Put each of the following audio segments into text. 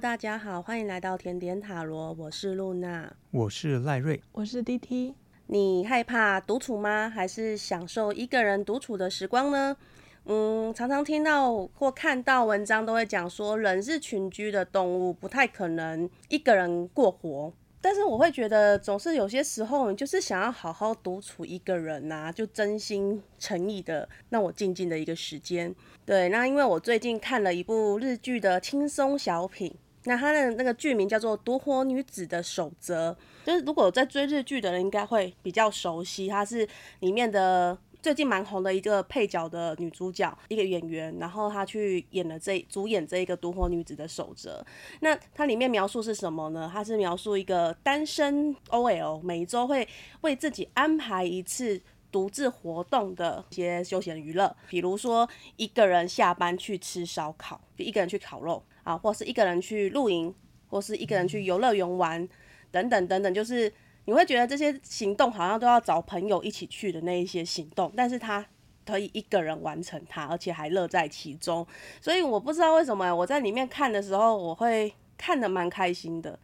大家好，歡迎來到甜點塔羅，我是露娜，我是賴瑞，我是 D.T。你害怕獨處嗎？還是享受一個人獨處的時光呢？嗯，常常聽到或看到文章都會講說，人是群居的動物，不太可能一個人過活。但是我會覺得，總是有些時候，你就是想要好好獨處一個人吶、啊，就真心誠意的讓我靜靜的一個時間。對，那因為我最近看了一部日劇的輕鬆小品，那它的那個劇名叫做《獨活女子的守則》，就是如果在追日劇的人應該會比較熟悉它，它是裡面的。最近蠻紅的一個配角的女主角，一個演員，然後她去演了這主演這一個獨活女子的守則。那它裡面描述是什麼呢？它是描述一個單身 OL 每一周會為自己安排一次獨自活動的一些休閒娛樂，比如說一個人下班去吃燒烤，就一個人去烤肉啊，或是一個人去露營，或是一個人去遊樂園玩，等等等等，就是。你會覺得這些行動好像都要找朋友一起去的那一些行動，但是他可以一個人完成它，而且還樂在其中。所以我不知道為什麼，我在裡面看的時候，我會看得蠻開心的，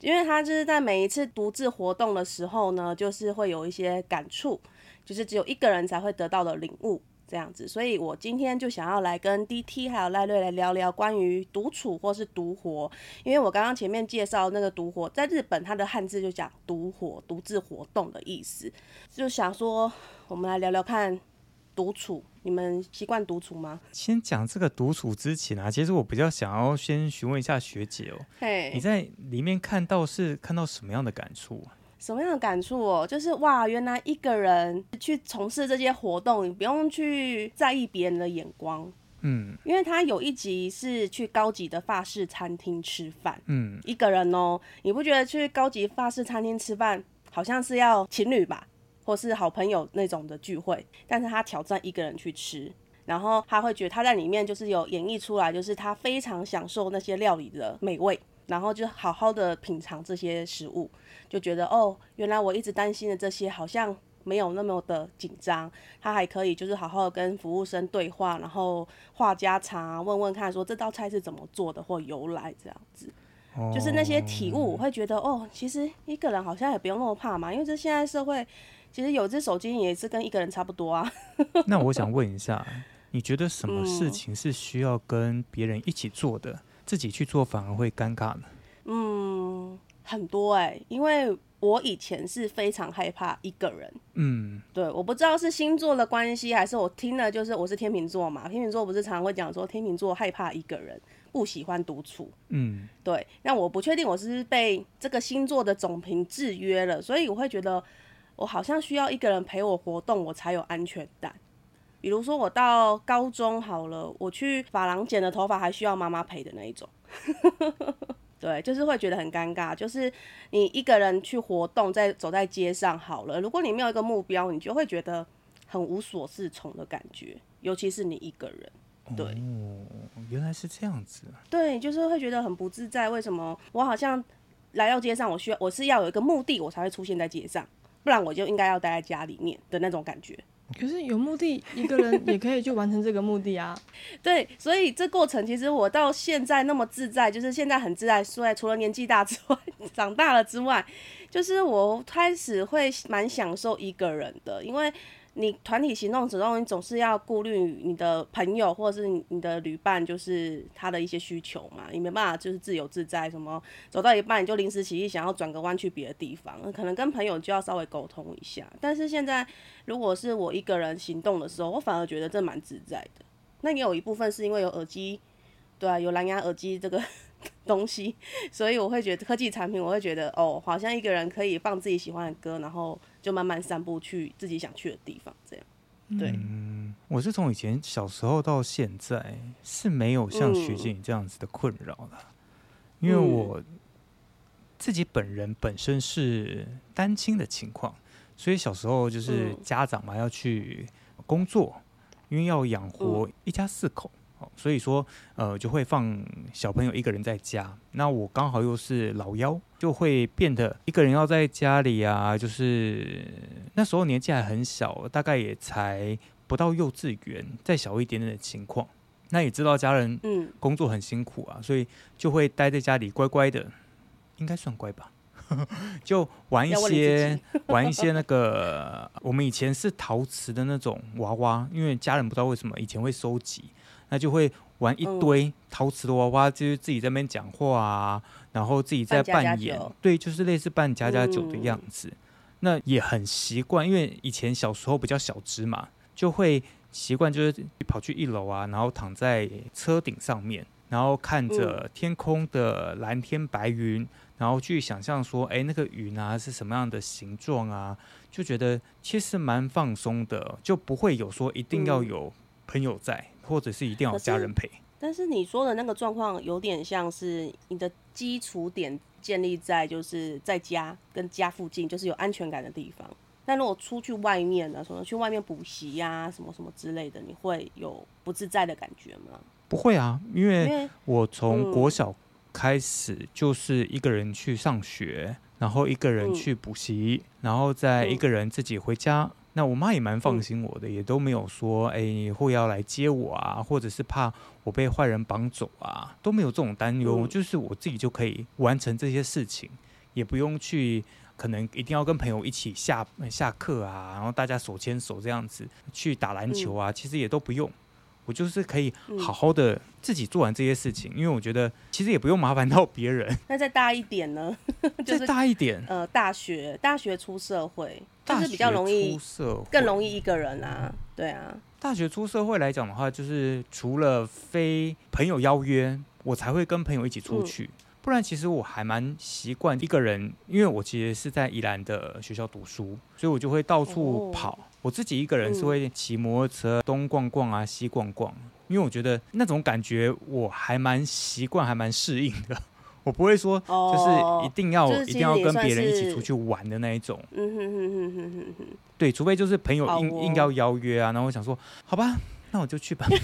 因為他就是在每一次獨自活動的時候呢，就是會有一些感觸，就是只有一個人才會得到的領悟。這樣子，所以我今天就想要來跟 D.T 還有賴瑞來聊聊關於獨處或是獨活，因為我剛剛前面介紹那個獨活，在日本它的漢字就講獨活，獨自活動的意思，就想說我們來聊聊看獨處，你們習慣獨處嗎？先講這個獨處之前啊，其實我比較想要先詢問一下學姐哦嘿，你在裡面看到是看到什麼樣的感觸？什麼樣的感觸喔？就是哇，原來一個人去從事這些活動，你不用去在意別人的眼光。嗯，因為他有一集是去高級的法式餐廳吃飯。嗯，一個人喔，你不覺得去高級法式餐廳吃飯好像是要情侶吧？或是好朋友那種的聚會，但是他挑戰一個人去吃，然後他會覺得他在裡面就是有演繹出來，就是他非常享受那些料理的美味，然後就好好的品嘗這些食物。就覺得哦，原來我一直擔心的這些好像沒有那麼的緊張，他還可以就是好好的跟服務生對話，然後話家常、啊，問問看說這道菜是怎麼做的或由來這樣子、哦，就是那些體悟，我會覺得哦，其實一個人好像也不用那麼怕嘛，因為這現在社會其實有隻手機也是跟一個人差不多啊。 那我想問一下，你覺得什麼事情是需要跟別人一起做的、嗯，自己去做反而會尷尬呢？嗯。很多哎、欸，因為我以前是非常害怕一個人，嗯，對，我不知道是星座的關係，還是我聽了就是我是天秤座嘛，天秤座不是常常會講說天秤座害怕一個人，不喜歡獨處，嗯，對，那我不確定我是不是被這個星座的總評制約了，所以我會覺得我好像需要一個人陪我活動，我才有安全感。比如說我到高中好了，我去髮廊剪了頭髮，還需要媽媽陪的那一種。 對，就是會覺得很尷尬。就是你一個人去活動，在走在街上好了。如果你沒有一個目標，你就會覺得很無所適從的感覺，尤其是你一個人。對。嗯，原來是這樣子。對，就是會覺得很不自在。為什麼我好像來到街上，我需要我是要有一個目的，我才會出現在街上，不然我就應該要待在家裡面的那種感覺。可是有目的，一個人也可以去完成這個目的啊。 對，所以這過程其實我到現在那麼自在，就是現在很自在。所以除了年紀大之外，長大了之外，就是我開始會蠻享受一個人的，因為。你團體行動之中，你總是要顧慮你的朋友或者是你的旅伴，就是他的一些需求嘛，你沒辦法就是自由自在。什麼走到一半你就臨時起意想要轉個彎去別的地方，可能跟朋友就要稍微溝通一下。但是現在如果是我一個人行動的時候，我反而覺得這蠻自在的。那也有一部分是因為有耳機，對啊，有藍牙耳機這個。東西，所以我會覺得科技產品，我會覺得哦，好像一個人可以放自己喜歡的歌，然後就慢慢散步去自己想去的地方，這樣。對，嗯、我是從以前小時候到現在是沒有像徐靜這樣子的困擾的、嗯，因為我自己本人本身是單親的情況，所以小時候就是家長嘛、嗯、要去工作，因為要養活一家四口。嗯所以說，呃，就會放小朋友一個人在家。那我剛好又是老幺，就會變得一個人要在家裡啊。就是那時候年紀還很小，大概也才不到幼稚園，再小一點點的情況。那也知道家人工作很辛苦啊，嗯、所以就會待在家裡乖乖的，應該算乖吧？ 就玩一些玩一些那個我們以前是陶瓷的那種娃娃，因為家人不知道為什麼以前會收集。那就會玩一堆陶瓷的娃娃，就是自己在那邊講話啊，然後自己在扮演，對，就是類似扮家家酒的樣子。嗯。那也很習慣，因為以前小時候比較小只嘛，就會習慣就是跑去一樓啊，然後躺在車頂上面，然後看着天空的藍天白雲，嗯，然後去想象說，哎，那個雲啊是什麼樣的形狀啊？就覺得其實蠻放鬆的，就不會有說一定要有朋友在。嗯。或者是一定要家人陪，但是你說的那個狀況有點像是你的基礎點建立在就是在家跟家附近，就是有安全感的地方。那如果出去外面呢，什麼去外面補習呀，什麼什麼之類的，你會有不自在的感覺嗎？不會啊，因為我從國小開始就是一個人去上學，嗯，然後一個人去補習，嗯，然後再一個人自己回家。那我媽也蠻放心我的，嗯，也都沒有說，哎、欸，會要來接我啊，或者是怕我被壞人綁走啊，都沒有這種擔憂，嗯，就是我自己就可以完成這些事情，也不用去，可能一定要跟朋友一起下下課啊，然後大家手牽手這樣子去打籃球啊、嗯，其實也都不用，我就是可以好好的自己做完這些事情，嗯，因為我覺得其實也不用麻煩到別人。那再大一點呢， 就是？再大一點，呃，大學，大學出社會。就是比較容易，出社會更容易一個人啊，對啊。大學出社會來講的話，就是除了非朋友邀約，我才會跟朋友一起出去，不然其實我還蠻習慣一個人，因為我其實是在宜蘭的學校讀書，所以我就會到處跑，我自己一個人是會騎摩托車東逛逛啊，西逛逛，因為我覺得那種感覺我還蠻習慣，還蠻適應的。我不會說，就是一定要、哦就是、一定要跟別人一起出去玩的那一種。嗯哼哼哼哼哼哼。對，除非就是朋友硬、哦、硬要邀約啊，然後我想說，好吧，那我就去吧。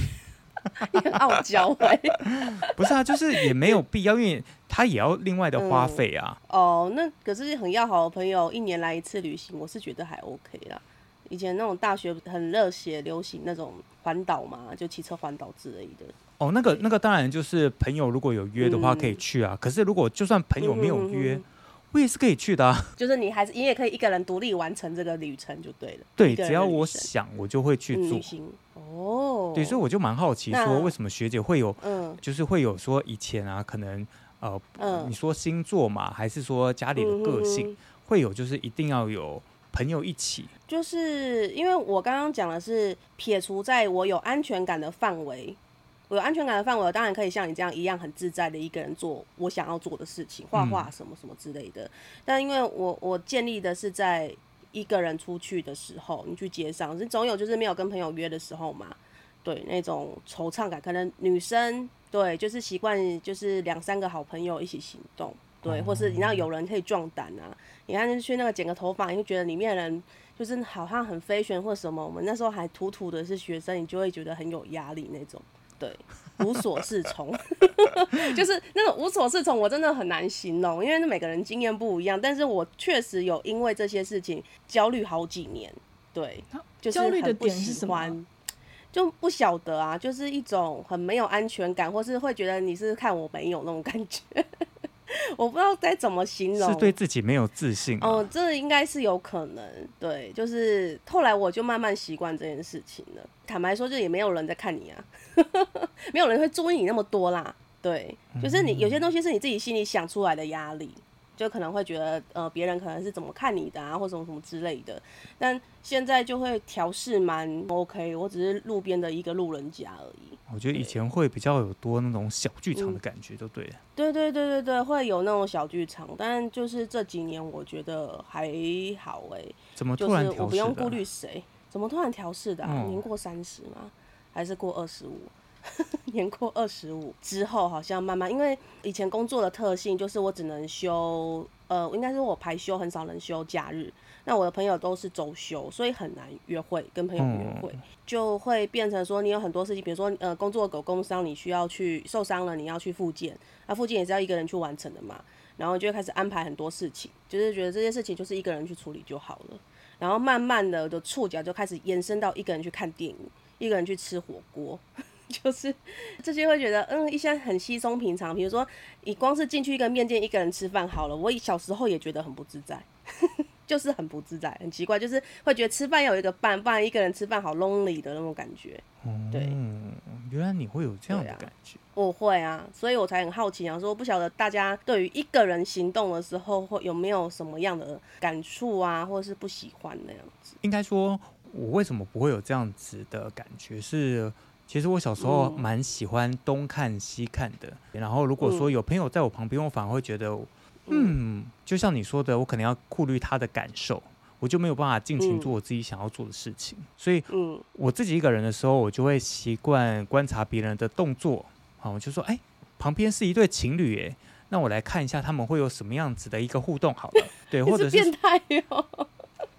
傲嬌、欸、哎。不是啊，就是也沒有必要，因為他也要另外的花費啊、嗯。哦，那可是很要好的朋友，一年來一次旅行，我是覺得還 OK 啦。以前那種大學很熱血，流行那種環島嘛，就騎車環島之類的。哦，那個那個當然就是朋友如果有約的話可以去啊。嗯、可是如果就算朋友沒有約，嗯、我也是可以去的、啊。就是你還是你也可以一個人獨立完成這個旅程就對了。對，只要我想，我就會去做。哦、嗯，對，所以我就蠻好奇說，為什麼學姐會有，嗯，就是會有說以前啊，可能呃、嗯，你說星座嘛，還是說家裡的個性、嗯，會有就是一定要有朋友一起？就是因為我剛剛講的是撇除在我有安全感的範圍。我有安全感的範圍，當然可以像你這樣一樣很自在的一個人做我想要做的事情，畫畫什麼什麼之類的。嗯、但因為我我建立的是在一個人出去的時候，你去街上是總有就是沒有跟朋友約的時候嘛，對那種惆悵感。可能女生對，就是習慣就是兩三個好朋友一起行動，對，嗯嗯嗯，或是你那有人可以壯膽啊。你看就去那個剪個頭髮，因為覺得裡面的人就是好像很 fashion 或什麼。我們那時候還土土的是學生，你就會覺得很有壓力那種。對，無所適從， 就是那種無所適從，我真的很難形容，因為每個人經驗不一樣。但是我確實有因為這些事情焦慮好幾年，對，就是很不喜歡。焦慮的點是什麼啊？就不曉得啊，就是一種很沒有安全感，或是會覺得你是看我沒有那種感覺。 我不知道該怎麼形容，是對自己沒有自信、啊、哦，這應該是有可能，對，就是後來我就慢慢習慣這件事情了。坦白說，就也沒有人在看你啊， 沒有人會注意你那麼多啦，對，就是你、嗯、有些東西是你自己心裡想出來的壓力。就可能會覺得，呃，別人可能是怎麼看你的啊，或者什麼什麼之類的。但現在就會調適蠻 OK，我只是路邊的一個路人甲而已。我覺得以前會比較有多那種小劇場的感覺，就對了。對、嗯、對對對對，會有那種小劇場，但就是這幾年我覺得還好哎、欸。怎麼突然調適、啊就是、我不用顧慮誰。怎麼突然調適的、啊嗯？您過三十嗎？還是過二十五？ 年過二十五之後，好像慢慢，因為以前工作的特性就是我只能休，呃，應該是我排休很少能休假日。那我的朋友都是周休，所以很難約會，跟朋友約會就會變成說你有很多事情，比如說呃工作搞工傷，你需要去受傷了，你要去復健，那復健也是要一個人去完成的嘛，然後就開始安排很多事情，就是覺得這些事情就是一個人去處理就好了。然後慢慢的，我的觸角就開始延伸到一個人去看電影，一個人去吃火鍋。就是這些會覺得，嗯，一些很稀鬆平常，比如說你光是進去一個麵店，一個人吃飯好了。我小時候也覺得很不自在呵呵，就是很不自在，很奇怪，就是會覺得吃飯要有一個伴，不然一個人吃飯好 lonely 的那種感覺。嗯，對，原來你會有這樣的感覺，啊、我會啊，所以我才很好奇啊，說不曉得大家對於一個人行動的時候，會有沒有什麼樣的感觸啊，或是不喜歡那樣子？應該說我為什麼不會有這樣子的感覺是？其實我小時候蠻喜歡東看西看的，嗯、然後如果說有朋友在我旁邊，我反而會覺得嗯，嗯，就像你說的，我可能要顧慮他的感受，我就沒有辦法盡情做我自己想要做的事情。嗯、所以，我自己一個人的時候，我就會習慣觀察別人的動作，好，我就說，哎，旁邊是一對情侶，哎，那我來看一下他們會有什麼樣子的一個互動，好了， 對，或者是，是變態喲、哦。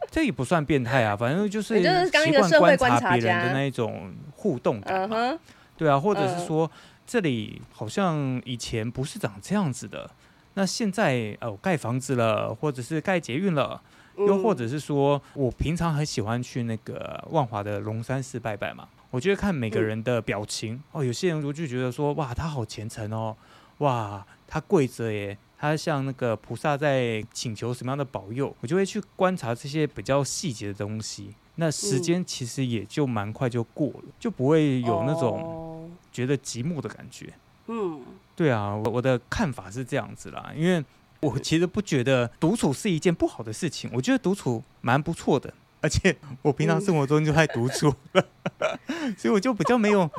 這也不算變態啊，反正就是習慣觀察別人的那一種互動感嘛、嗯、對啊，或者是說、嗯、這裡好像以前不是長這樣子的，那現在哦，蓋房子了，或者是蓋捷運了，又或者是說我平常很喜歡去那個萬華的龍山寺拜拜嘛，我覺得看每個人的表情、嗯、哦，有些人我就覺得說哇，他好虔誠哦，哇，他跪着耶。他像那個菩薩在請求什麼樣的保佑，我就會去觀察這些比較細節的東西。那時間其實也就蠻快就過了，就不會有那種覺得寂寞的感覺。對啊，我的看法是這樣子啦，因為我其實不覺得獨處是一件不好的事情，我覺得獨處蠻不錯的，而且我平常生活中就愛獨處， 所以我就比較沒有，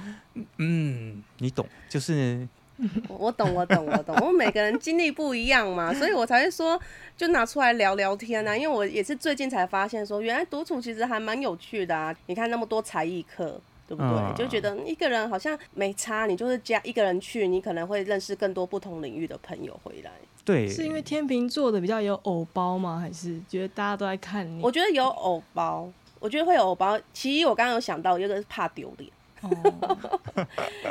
嗯，你懂，就是。 我，我懂，我懂，我懂。我們每個人經歷不一樣嘛， 所以我才會說，就拿出來聊聊天啊。因為我也是最近才發現說，說原來獨處其實還蠻有趣的啊。你看那麼多才藝課，對不對、嗯？就覺得一個人好像沒差，你就是加一個人去，你可能會認識更多不同領域的朋友回來。對，是因為天秤座的比較有偶包嗎？還是覺得大家都在看你？我覺得有偶包，我覺得會有偶包。其實我剛剛有想到，一個是怕丟臉。為、哦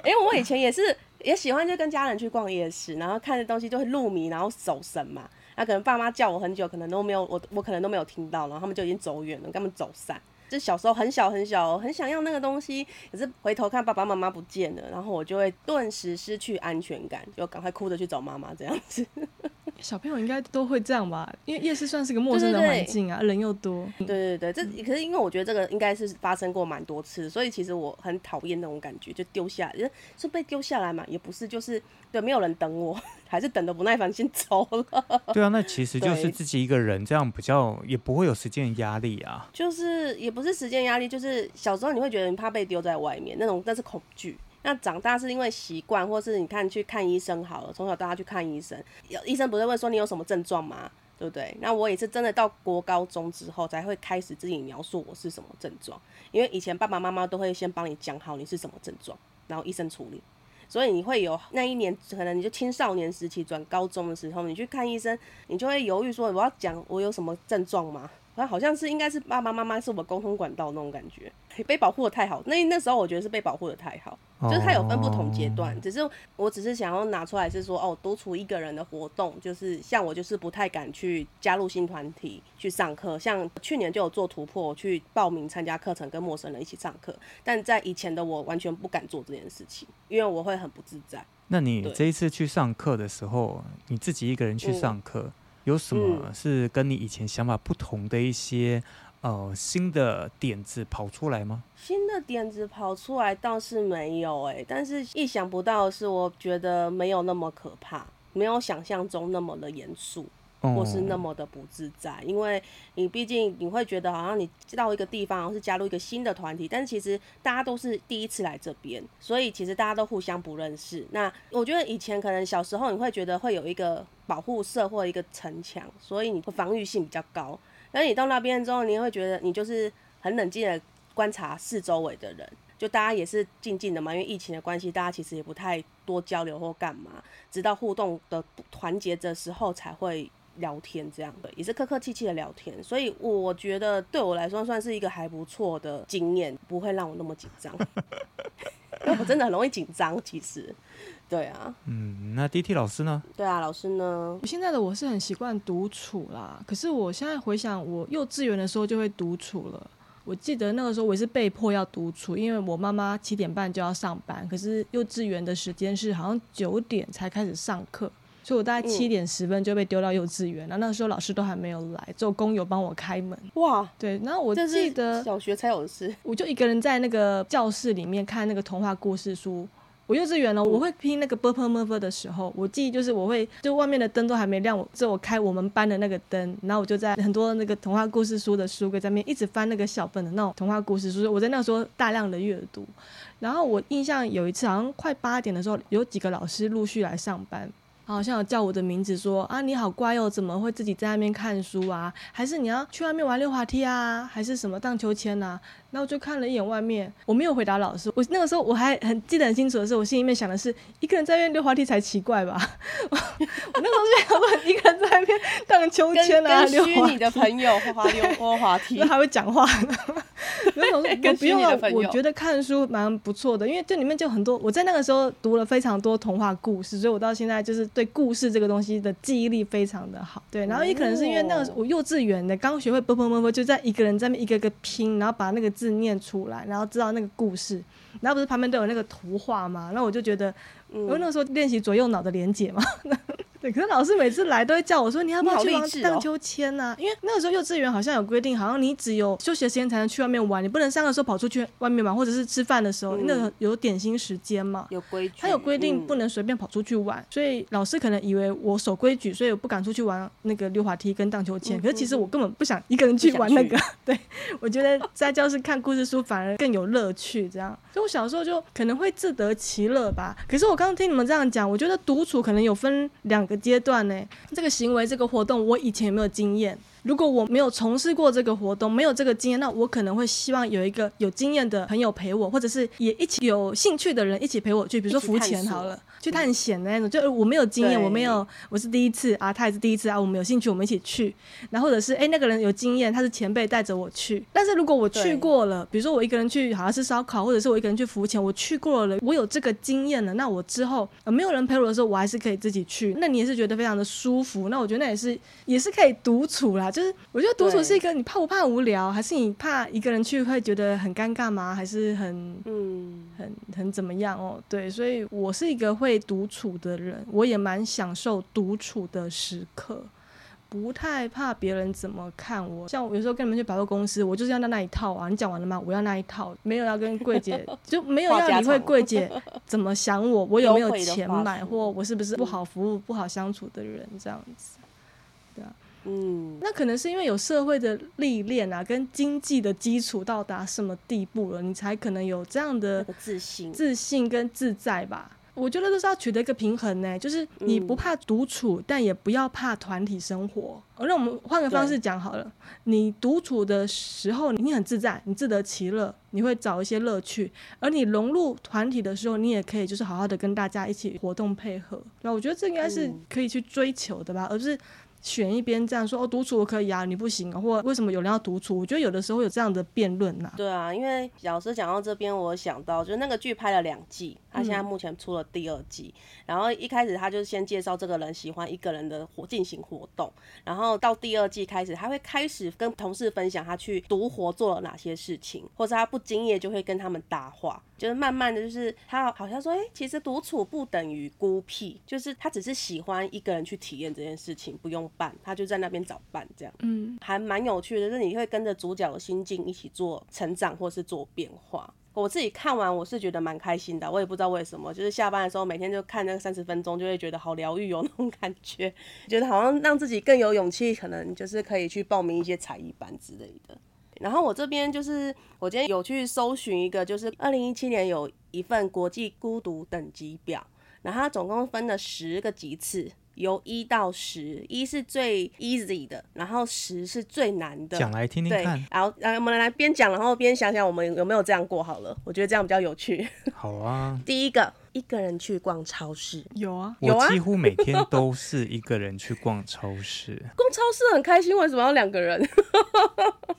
欸、我以前也是。 也喜歡就跟家人去逛夜市，然後看的東西就會入迷，然後走神嘛。那、啊、可能爸媽叫我很久，可能都沒有我，我可能都沒有聽到，然後他們就已經走遠了，跟他們走散。就小時候很小很小，很想要那個東西，可是回頭看爸爸媽媽不見了，然後我就會頓時失去安全感，就趕快哭着去找媽媽這樣子。小朋友應該都會這樣吧，因為夜市算是個陌生的環境啊。對對對，人又多。對對對，這可是因為我覺得這個應該是發生過蠻多次，所以其實我很討厭那種感覺，就丟下來，因為是被丟下來嘛，也不是，就是對，沒有人等我，還是等得不耐煩，先走了。對啊，那其實就是自己一個人這樣比較，也不會有時間壓力啊。就是也不是時間壓力，就是小時候你會覺得你怕被丟在外面那種，但是恐懼。那長大是因為習慣，或是你看去看醫生好了。從小到大去看醫生，有醫生不是問說你有什麼症狀嗎？對不對？那我也是真的到國高中之後才會開始自己描述我是什麼症狀，因為以前爸爸媽媽都會先幫你講好你是什麼症狀，然後醫生處理。所以你會有那一年，可能你就青少年時期轉高中的時候，你去看醫生，你就會猶豫說我要講我有什麼症狀嗎？那好像是應該是爸爸媽媽是我們溝通管道那種感覺，被保護的太好。那那時候我覺得是被保護的太好，哦、就是它有分不同階段。只是我只是想要拿出來是說，哦，獨處一個人的活動，就是像我就是不太敢去加入新團體去上課。像去年就有做突破去報名參加課程，跟陌生人一起上課。但在以前的我完全不敢做這件事情，因為我會很不自在。那你這一次去上課的時候，你自己一個人去上課？嗯有什麼是跟你以前想法不同的一些、嗯、呃，新的點子跑出來嗎？新的點子跑出來倒是沒有哎、欸，但是意想不到的是，我覺得沒有那麼可怕，沒有想象中那麼的嚴肅。或是那麼的不自在，因為你畢竟你會覺得好像你到一個地方，然後是加入一個新的團體，但其實大家都是第一次來這邊，所以其實大家都互相不認識。那我覺得以前可能小時候你會覺得會有一個保護色或一個城牆，所以你會防禦性比較高。那你到那邊之後，你會覺得你就是很冷靜的觀察四周圍的人，就大家也是靜靜的嘛，因為疫情的關係，大家其實也不太多交流或幹嘛，直到互動的團結的時候才會。聊天這樣的，也是客客氣氣的聊天，所以我覺得對我來說算是一個還不錯的經驗，不會讓我那麼緊張， 因為我真的很容易緊張，其實。對啊，嗯，那 DT 老師呢？對啊，老師呢？我現在的我是很習慣獨處啦，可是我現在回想，我幼稚園的時候就會獨處了。我記得那個時候我也是被迫要獨處，因為我媽媽七點半就要上班，可是幼稚園的時間是好像九點才開始上課。所以我大概七點十分就被丟到幼稚園，嗯，然後那時候老師都還沒有來，只有工友幫我開門。哇，對，然後我記得是小學才有的事，我就一個人在那個教室裡面看那個童話故事書。我幼稚園了，我會拼那個 ㄅㄆㄇㄈ 的時候，我記憶就是我會，就外面的燈都還沒亮我，我就我開我們班的那個燈，然後我就在很多那個童話故事書的書櫃上面一直翻那個小本的那種童話故事書。我在那個時候大量的閱讀，然後我印象有一次好像快八點的時候，有幾個老師陸續來上班。哦，好像有叫我的名字說，說啊你好乖哦，怎麼會自己在外面看書啊？還是你要去外面玩溜滑梯啊？還是什麼盪秋千吶？然後我就看了一眼外面，我沒有回答老師。我那個時候我還很記得很清楚的是，我心裡面想的是，一個人在外面溜滑梯才奇怪吧？ 我那個時候是想說，一個人在外面盪秋千啊，溜滑梯虛擬 的朋友會滑溜坡滑梯，還會講話呢。我那個時候我覺得看書蠻不錯的，因為這裡面就很多。我在那個時候讀了非常多童話故事，所以我到現在就是，對故事這個東西的記憶力非常的好，對，然後也可能是因為那個我幼稚園的剛學會啵啵啵啵，就在一個人在那一個個拼，然後把那個字念出來，然後知道那個故事，然後不是旁邊都有那個圖畫嘛，那我就覺得，因為那個時候練習左右腦的連結嘛。嗯 對，可是老師每次來都會叫我說：“你要不要去玩盪秋千啊、哦？”因為那個時候幼稚園好像有規定，好像你只有休息的時間才能去外面玩，你不能上課的時候跑出去外面玩，或者是吃飯的時候、嗯，那個有點心時間嘛，有規矩，他有規定不能隨便跑出去玩、嗯，所以老師可能以為我守規矩，所以我不敢出去玩那個溜滑梯跟盪秋千。可是其實我根本不想一個人去玩那個， 對，我覺得在教室看故事書反而更有樂趣。這樣，所以我小時候就可能會自得其樂吧。可是我剛剛聽你們這樣講，我覺得獨處可能有分兩。個階段呢？這個行為、這個活動，我以前有沒有經驗？如果我沒有從事過這個活動，沒有這個經驗，那我可能會希望有一個有經驗的朋友陪我，或者是也一起有興趣的人一起陪我去，比如說浮潛好了。去探險的那種，就我沒有經驗，我沒有，我是第一次啊，他也是第一次啊，我們有興趣，我們一起去。然後或者是，哎、欸，那個人有經驗，他是前輩帶着我去。但是如果我去過了，比如說我一個人去，好像是燒烤，或者是我一個人去浮潛，我去過了，我有這個經驗了，那我之後、呃、沒有人陪我的時候，我還是可以自己去。那你也是覺得非常的舒服？那我覺得那也是也是可以獨處啦。就是我覺得獨處是一個，你怕不怕無聊？還是你怕一個人去會覺得很尷尬嗎？還是很嗯，很很怎麼樣哦、喔？對，所以我是一個會。被獨處的人，我也蠻享受獨處的時刻，不太怕別人怎麼看我。像我有時候跟你們去百貨公司，我就是要那那一套啊。你講完了嗎？我要那一套，沒有要跟櫃姐， 就沒有要理會櫃姐怎麼想我，我有沒有錢買或我是不是不好服務、不好相處的人這樣子。對啊，嗯，那可能是因為有社會的歷練啊，跟經濟的基礎到達什麼地步了，你才可能有這樣的自信、自信跟自在吧。我覺得這是要取得一個平衡呢、欸，就是你不怕獨處、嗯，但也不要怕團體生活。讓我們換個方式講好了，你獨處的時候你很自在，你自得其樂，你會找一些樂趣；而你融入團體的時候，你也可以就是好好的跟大家一起活動配合。那我覺得這應該是可以去追求的吧，嗯、而不是。選一邊這樣說哦，獨處可以啊，你不行啊，或為什麼有人要獨處？我覺得有的時候會有這樣的辯論吶。對啊，因為老師講到這邊，我想到就是那個劇拍了兩季，他現在目前出了第二季。嗯，然後一開始他就是先介紹這個人喜歡一個人的活進行活動，然後到第二季開始，他會開始跟同事分享他去獨活做了哪些事情，或者他不經意就會跟他們搭話，就是慢慢的就是他好像說，哎，欸，其實獨處不等於孤僻，就是他只是喜歡一個人去體驗這件事情，不用。伴，他就在那邊找伴，這樣，嗯，還蠻有趣的。就是你會跟着主角的心境一起做成長，或是做變化。我自己看完，我是覺得蠻開心的。我也不知道為什麼，就是下班的時候每天就看那個三十分鐘，就會覺得好療癒，哦，有那種感覺，覺得好像讓自己更有勇氣，可能就是可以去報名一些才藝班之類的。然後我這邊就是，我今天有去搜尋一個，就是二零一七年有一份國際孤獨等級表，然後它總共分了十個級次。由一到十，一是最 easy 的，然後十是最難的。講來聽聽看。然後，然後我們來邊講，然後邊想想我們有沒有這樣過好了。我覺得這樣比較有趣。好啊。第一個，一個人去逛超市。有啊，我幾乎每天都是一個人去逛超市。逛、啊、 超市很開心，為什麼要兩個人？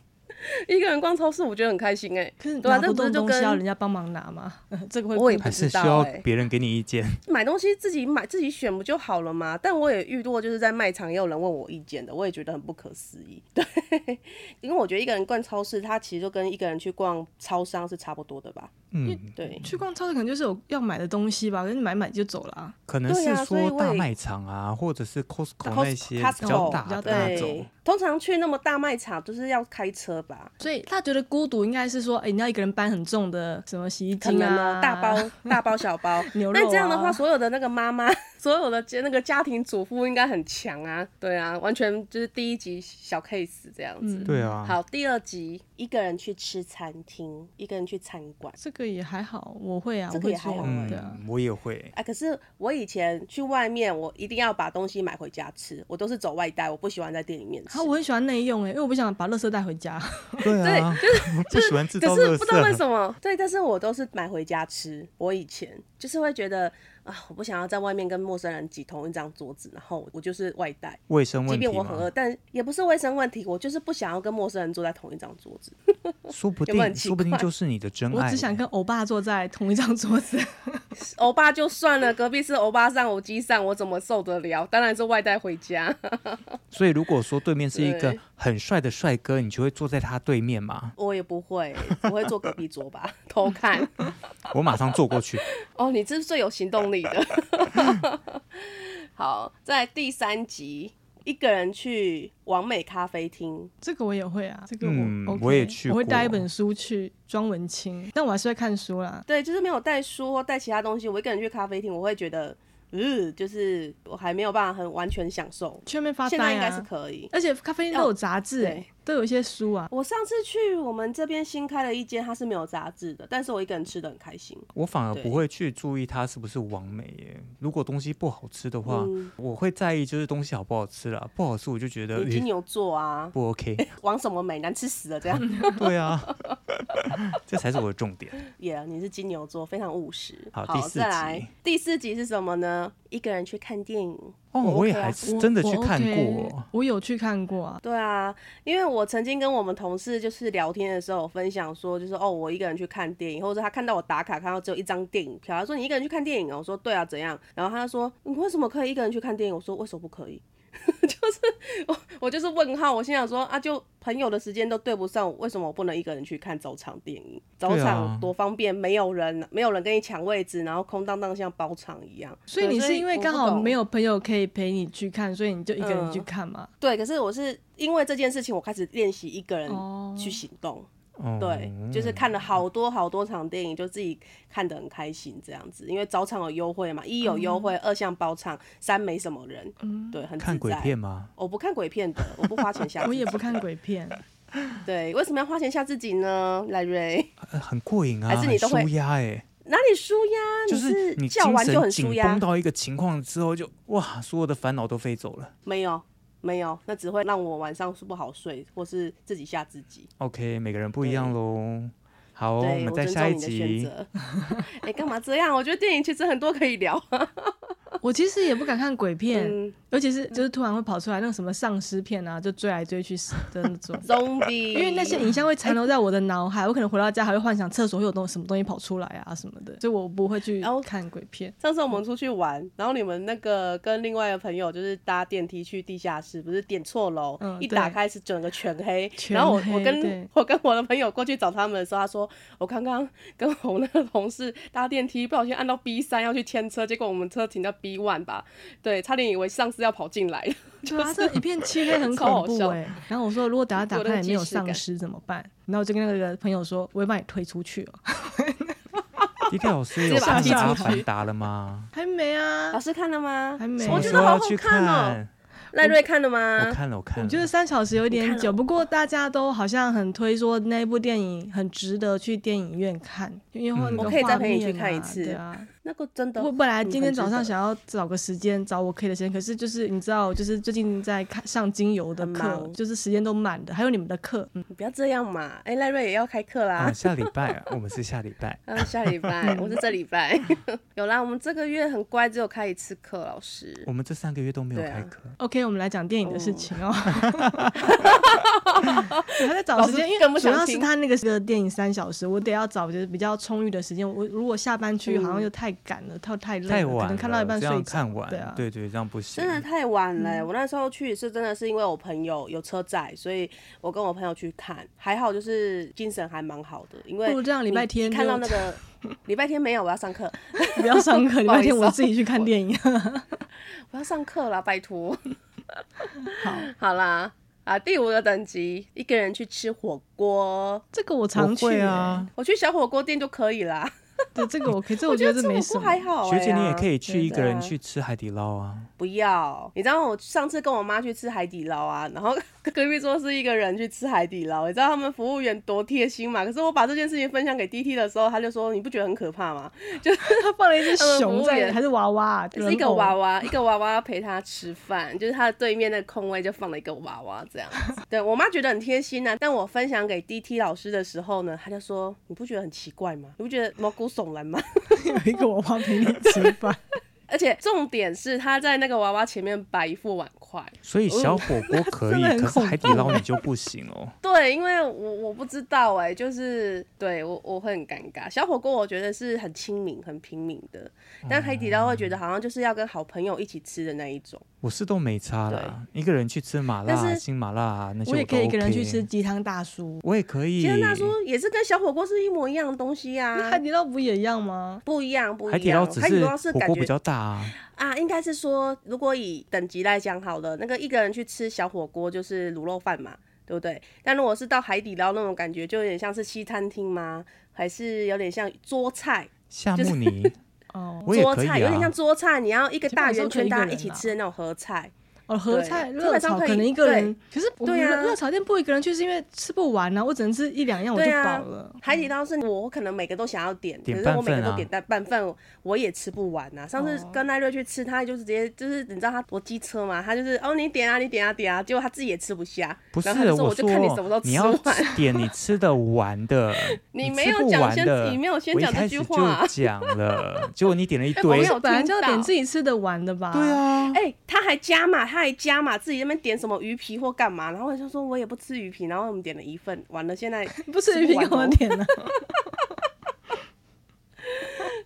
一個人逛超市，我覺得很開心哎、欸，可是對、啊、拿不動東西跟要人家幫忙拿嗎？呃、這個會我也不知道、欸、還是需要別人給你意見。買東西自己買自己選不就好了嗎？ 但我也遇過，就是在賣場也有人問我意見的，我也覺得很不可思議。對，因為我覺得一個人逛超市，他其實就跟一個人去逛超商是差不多的吧？嗯，對，去逛超市可能就是有要買的東西吧，可你買買就走了。可能是說大賣場啊，或者是 Costco 那些比較大的那、嗯通常去那麼大賣場，就是要開車吧？所以他覺得孤獨應該是說，哎、欸，你要一個人搬很重的什麼洗衣機啊、喔，大包大包小包 牛肉、啊。但這樣的話，所有的那個媽媽，所有的那個家庭主婦應該很強啊。對啊，完全就是第一級小 case 這樣子。嗯、對啊。好，第二級一個人去吃餐廳，一個人去餐館，這個也還好，我會啊，這個也還好對啊、嗯，我也會。哎、啊，可是我以前去外面，我一定要把東西買回家吃，我都是走外帶，我不喜歡在店裡面吃。啊、我很喜歡內用誒，因為我不想把垃圾帶回家。對、啊、 對就是 就是、不喜歡製造垃圾。就是、可是不知道為什麼，對，但是我都是買回家吃。我以前就是會覺得。我不想要在外面跟陌生人擠同一張桌子，然後我就是外帶。衛生問題。即便我很餓，但也不是衛生問題，我就是不想要跟陌生人坐在同一張桌子。 說不定 有有，說不定就是你的真愛、欸。我只想跟歐巴坐在同一張桌子，歐 巴就算了，隔壁是歐巴上我機上，我怎麼受得了？當然是外帶回家。 所以如果說對面是一個很帥的帥哥，你就會坐在他對面嗎？我也不會，不會坐隔壁桌吧？ 偷看， 我馬上坐過去。 哦，你這是最有行動力。 好，在第三集，一個人去網美咖啡廳。這個我也會啊，這個我，、嗯、okay, 我也去，我會帶一本書去裝文青，但我還是會看書啦。對，就是沒有帶書或帶其他東西，我一個人去咖啡廳，我會覺得，嗯、呃，就是我還沒有辦法很完全享受。去外面發呆啊、現在應該是可以，而且咖啡廳都有雜誌哎、欸。哦。都有一些書啊。我上次去我們這邊新開了一間，它是沒有雜誌的，但是我一個人吃的很開心。我反而不會去注意它是不是完美耶。如果東西不好吃的話、嗯，我會在意就是東西好不好吃了。不好吃我就覺得你金牛座啊，欸、不 OK，完、欸、什麼美，難吃死了這樣、啊。對啊， 這才是我的重點。y、yeah, 你是金牛座，非常務實。好，好第四再來第四集是什麼呢？一個人去看電影哦，我也還真的去看過，我，我，我，OK，我有去看過啊。對啊，因為我曾經跟我們同事就是聊天的時候分享說，就是哦，我一個人去看電影，或者他看到我打卡，看到只有一張電影票，他說，你一個人去看電影啊？我說對啊，怎樣？然後他就說，你為什麼可以一個人去看電影？我說為什麼不可以？ 就是我，我就是問號。我心想說啊，就朋友的時間都對不上，為什麼我不能一個人去看早場電影？早場多方便，沒有人，沒有人跟你搶位置，然後空荡蕩像包場一樣。所以你是因為剛好沒有朋友可以陪你去看，所以，所以你就一個人去看嗎？嗯？對，可是我是因為這件事情，我開始練習一個人去行動。哦哦、對，就是看了好多好多場電影，就自己看得很開心這樣子。因為早場有優惠嘛，一有優惠，二像包場，三沒什麼人。嗯，對，很自在。看鬼片嗎？我、哦、不看鬼片的，我不花錢嚇自己。 我也不看鬼片。 對，為什麼要花錢嚇自己呢？賴瑞、呃，很過癮啊！還是你都會舒壓？哎、欸，哪裡舒壓？就是你叫完就很緊繃到一個情況之後就，就哇，所有的煩惱都飛走了。沒有。沒有，那只會讓我晚上睡不好睡，或是自己嚇自己。OK，每個人不一樣咯。好，我們再下一集。哎，幹、 欸、嘛這樣？ 我覺得電影其實很多可以聊啊。我其實也不敢看鬼片，嗯，尤其是就是突然會跑出來、嗯、那個什麼喪屍片啊、嗯，就追來追去死，真的做。Zombie 因為那些影像會殘留在我的腦海，欸，我可能回到家還會幻想廁所會有東什麼東西跑出來啊什麼的，所以我不會去看鬼片。上次我們出去玩，嗯、然後你們那個跟另外一個朋友就是搭電梯去地下室，不是點錯樓，嗯，一打開是整個全黑。全黑。然後我我跟我跟我的朋友過去找他們的時候，他說我剛剛跟我那個同事搭電梯，不小心按到 B 三要去牽車，結果我們車停到 B。一萬吧，對，差點以為喪屍要跑進來，就是、啊、一片漆黑很恐怖哎、欸。然後我說，如果等下打開也沒有喪屍怎麼辦？然後我就跟那個朋友說，我會把你推出去哦。哈哈哈，你看上《阿凡達》了嗎？還沒啊，老師看了嗎？還沒、啊。我覺得好好看哦。賴瑞看了嗎？我看了，我看了。就是三小時有點久，不過大家都好像很推說那一部電影很值得去電影院看，看因為、啊、我可以再陪你去看一次，啊。真的、哦，我本來今天早上想要找個時間找我、OK、K 的時間，可是就是你知道，就是最近在上精油的課，就是時間都滿的。還有你們的課、嗯，你不要這樣嘛！哎、欸，賴瑞也要開課啦，啊、下禮拜啊， 我們是下禮拜嗯、啊，下禮拜，我是這禮拜。 有啦，我們這個月很乖，只有開一次課，老師。我們這三個月都沒有開課、啊。OK，我們來講電影的事情哦。他、哦、 在找時間，因為主要是他那個個電影三小時，我得要找就是比較充裕的時間。我如果下班去，好像又太趕。嗯趕得太太累了，太晚了，可能看到一半睡着。看完，對、啊、對，對,對這樣不行。真的太晚了、欸嗯，我那時候去是真的是因為我朋友有車載，所以我跟我朋友去看，還好就是精神還蠻好的，因為這樣，禮拜天看到那個禮拜天沒有，我要上課， 不要上課，禮拜天我自己去看電影。我，我要上課啦，拜託。好好啦，啊，第五個等級，一個人去吃火鍋，這個我常會，啊，我去啊、欸，我去小火鍋店就可以啦。 對這個，我可以。這我覺得這沒什麼。 學姐，你也可以去一個人去吃海底撈啊！ 不要，你知道我上次跟我媽去吃海底撈啊，然後。隔壁桌是一個人去吃海底撈，你知道他們服務員多貼心嘛？可是我把這件事情分享給 D.T 的時候，他就說你不覺得很可怕嗎？就是他放了一隻熊在，還是娃娃？就是一個娃娃，一個娃娃陪他吃飯，就是他的對面的空位就放了一個娃娃這樣子。 對我媽覺得很貼心吶、啊，但我分享給 D.T 老師的時候呢，他就說你不覺得很奇怪嗎？你不覺得毛骨悚然嗎？ 有一個娃娃陪你吃飯。 而且重點是他在那個娃娃前面擺一副碗筷，所以小火鍋可以， 可是海底撈你就不行哦。 對，因為我我不知道誒、欸，就是對我我會很尷尬。小火鍋我覺得是很親民、很平民的，但海底撈會覺得好像就是要跟好朋友一起吃的那一種。我是都沒差啦，一個人去吃麻辣、新麻辣那些我都 OK，我也可以一個人去吃雞湯大叔，我也可以。雞湯大叔也是跟小火鍋是一模一樣的東西啊。海底撈不也一樣嗎？不一樣，不一樣。海底撈只是火鍋，是感覺火鍋比較大啊，啊，應該是說，如果以等級來講，好了，那個一個人去吃小火鍋就是滷肉飯嘛，對不對？但如果是到海底撈那種感覺，就有點像是西餐廳嗎？還是有點像桌菜？夏慕尼。就是呵呵哦、oh，桌菜、啊、有點像桌菜，你要一個大圓圈，大家一起吃的那種合菜。哦，和菜熱炒可能一個人，可是我們熱炒店不一個人去，是因為吃不完吶、啊。我只能吃一兩樣對、啊、我就飽了。海底撈是我可能每個都想要點，點啊、可是我每個都點半份，我也吃不完吶、啊。上次跟賴瑞去吃，他就是直接就是你知道他多機車嘛，他就是哦你點啊你點啊你點啊，結果他自己也吃不下。不是然後他就說，我就看你什麼時候吃完你要點你吃得完的 你你吃完的，你沒有講先，你沒有先講這句話講 了， 結果你點了一堆，欸、沒有，反正就點自己吃的完的吧。對啊，哎、欸，他還加碼，他。在家嘛，自己那邊點什麼魚皮或幹嘛，然後我就說我也不吃魚皮，然後我們點了一份，完了現在吃不吃魚皮給我點了、啊。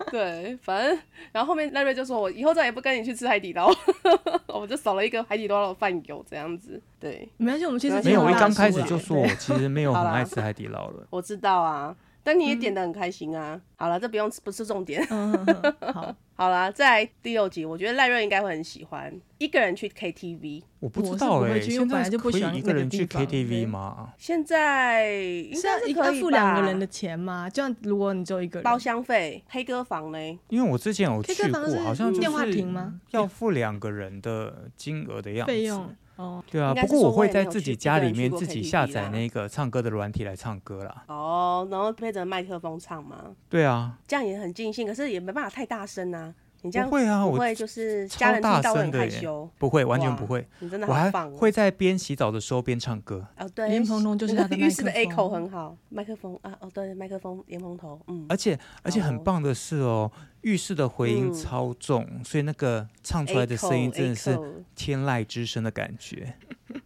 對，反正然後後面賴瑞就說，我以後再也不跟你去吃海底撈了， 我們就少了一個海底撈的飯友這樣子。對，沒關係，我們其實沒有。我剛開始就說，我其實沒有很愛吃海底撈的， 我知道啊。但你也點得很開心啊！嗯、好了，這不用不是重點。嗯、 好，好了，再來第六集，我覺得賴瑞應該會很喜歡一個人去 KTV。我不知道哎、欸，其實本來就不喜歡一個人去 KTV 嗎？現在應該是可以吧？要付兩個人的錢嗎？這樣如果你只有一個人包廂費、黑歌房嘞？因為我之前有去過，好像就是電話亭嗎？要付兩個人的金額的樣子費用。哦，對啊，不過我會在自己家裡面自己下載那個唱歌的軟體來唱歌啦。哦，然後配着麥克風唱嘛。對啊，這樣也很盡興，可是也沒辦法太大聲啊。你不，會家不會啊，我不會就是超大聲的耶，不會，完全不會。你真的很棒，我還會在邊洗澡的時候邊唱歌。哦，對，蓮蓬頭就是那個，浴室的 A 口很好，麥克風啊，哦，對，麥克風蓮蓬頭，嗯。而且而且很棒的是哦，浴室的回音超重，嗯，所以那個唱出來的聲音真的是天籟之聲的感覺。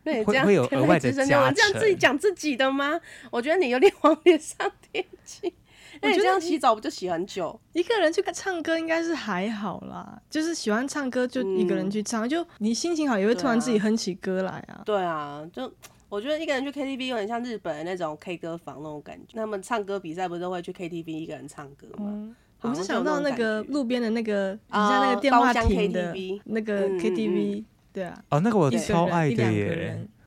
嗯，會天之會有額外的加成？你有有這樣自己講自己的嗎？我覺得你有點往臉上貼金。哎，就這樣洗澡不就洗很久。一個人去唱歌應該是還好啦，就是喜歡唱歌就一個人去唱就、嗯，就你心情好也會突然自己哼起歌來啊,對啊。對啊，就我覺得一個人去 KTV 有點像日本的那種 K 歌房那種感覺，那他們唱歌比賽不是都會去 KTV 一個人唱歌嗎？嗯、我是想到那個路邊的那個，下、啊、那個電話亭的，KTV 那個 KTV，、嗯、對啊，哦，那個我超愛的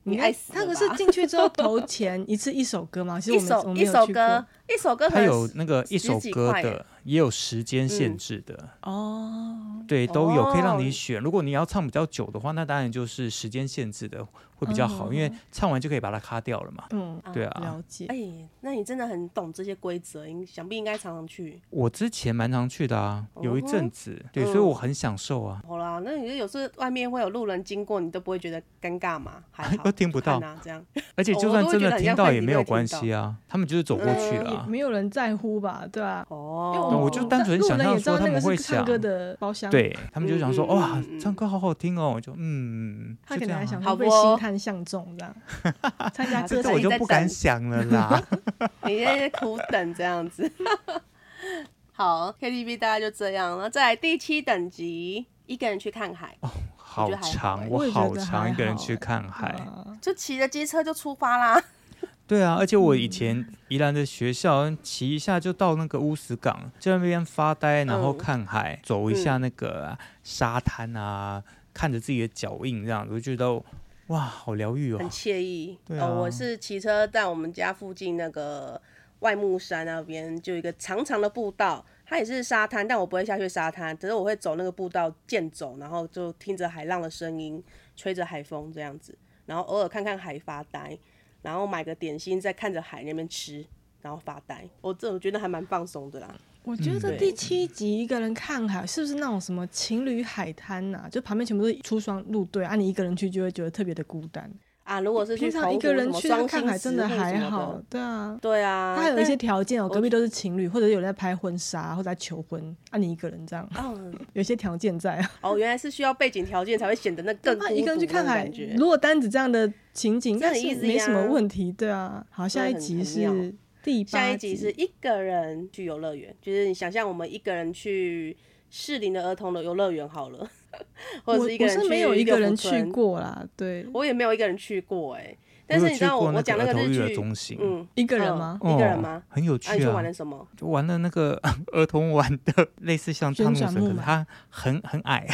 你還他可是進去之後投錢，一次一首歌嗎？其實我們一首歌一首歌，他有那個一首歌的，欸、也有時間限制的、嗯、哦。對，都有，可以讓你選、哦。如果你要唱比較久的話，那當然就是時間限制的。會比較好，因為唱完就可以把它卡掉了嘛。嗯，對啊。嗯、啊了解。哎、欸，那你真的很懂這些規則，你想不應想必應該常常去。我之前蠻常去的啊，有一陣子。Oh、對、嗯，所以我很享受啊。好啦，那有有時候外面會有路人經過，你都不會覺得尷尬嗎？還好 都聽不到、啊、這樣。而且就算真的聽到也沒有關係啊、oh，他們就是走過去了、啊，嗯、沒有人在乎吧？對啊。哦。嗯、我就單純想象，他們會想、那個、唱歌的包廂，對他們就想說嗯嗯嗯嗯嗯，哇，唱歌好好聽哦，我就嗯就這樣、啊，他可能還想會像眾這樣，參 加這個我就不敢想了啦。 你在苦等這樣子， 好 KTV 大概就這樣了，然後再來第七等級，一個人去看海哦，好長，我好長一個人去看海，這欸啊、就騎着機車就出發啦。對啊，而且我以前宜蘭的學校騎一下就到那個烏石港，就在那邊發呆，然後看海，嗯、走一下那個沙灘啊，嗯、看着自己的腳印這樣子，我覺得。哇，好療癒哦，很愜意。對啊。哦，我是騎車在我們家附近那個外木山那邊，就一個長長的步道。它也是沙灘，但我不會下去沙灘，只是我會走那個步道健走，然後就聽着海浪的聲音，吹着海風這樣子，然後偶爾看看海發呆，然後買個點心在看着海那邊吃，然後發呆。我，哦，這我覺得還蠻放鬆的啦。我覺得第七集一個人看海，是不是那種什麼情侶海灘吶、啊嗯嗯？就旁邊全部都是出雙入對啊，你一個人去就會覺得特別的孤單啊。如果是平常一個人去看海，真的還好什麼什麼的，對啊，對啊，它有一些條件哦、喔，隔壁都是情侶，okay. 或者有人在拍婚紗或者在求婚，啊，你一個人這樣，嗯、oh. 有些條件在啊。哦、oh,，原來是需要背景條件才會顯得那更孤單的感覺。對，那一個人去看海， 如果單指這樣的情景，但是沒什麼問題，對啊。好，下一集是。下一集是一個人去遊樂園，就是你想象，我們一個人去適齡的兒童的遊樂園好了，或者是一個人去一個，我我是沒有一個人去過啦，對，我也沒有一個人去過哎、欸。但是你知道我知道我講那個是教中心個，嗯，一個人嗎？哦、一個人嗎、哦？很有趣啊！去、啊、玩了什麼？就玩了那個兒童玩的類似像大怒神，可是他很很矮。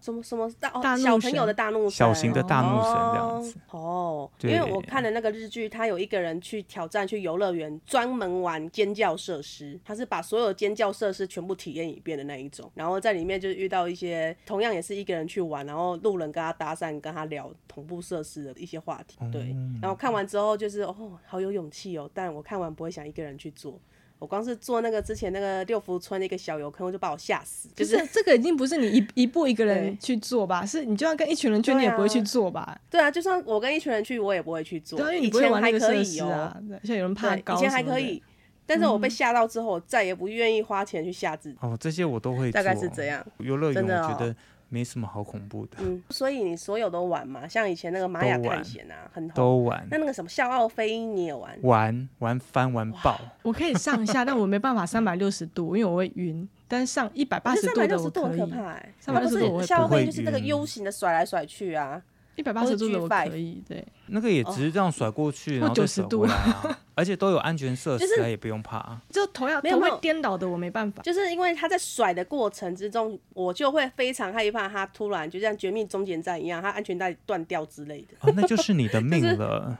什麼什麼、哦、大？小朋友的大怒，小型的大怒神這樣子。哦，對，因為我看了那個日劇，他有一個人去挑戰去遊樂園，專門玩尖叫設施，他是把所有尖叫設施全部體驗一遍的那一種。然後在裡面就是遇到一些同樣也是一個人去玩，然後路人跟他搭訕，跟他聊同步設施的一些話題。嗯、對。然後看完之後就是哦，好有勇氣哦，但我看完不會想一個人去做。我光是做那個之前那個六福村的一個小油坑，我就把我嚇死。就是、就是、這個已經不是你一一步一個人去做吧？是，你就算跟一群人去、啊，你也不會去做吧？對啊，就算我跟一群人去，我也不會去做。你、啊、以前還可以哦，現在有人怕。以前還可以、嗯，但是我被嚇到之後，我再也不願意花錢去嚇自己。哦，這些我都會做，大概是這樣。遊樂園沒什麼好恐怖的，嗯，所以你所有都玩嘛，像以前那個瑪雅探險啊，都很都玩。那那個什麼笑傲飛鷹，你也玩？玩玩翻玩爆， 我可以上一下，但我沒辦法三百六十度，因為我會暈。但是上一百八十度的我可以。三百六十度很可怕哎，三百六十度笑傲飛就是那個 U 型的甩來甩去啊，一百八十度的我可以，對。那個也只是這樣甩過去，哦、然後九十、啊哦、度， 而且都有安全設施，就是，也不用怕。就同樣沒有會顛倒的，我沒辦法。就是因為他在甩的過程之中，我就會非常害怕他突然就像絕命終結站一樣，他安全帶斷掉之類的。啊、哦，那就是你的命了。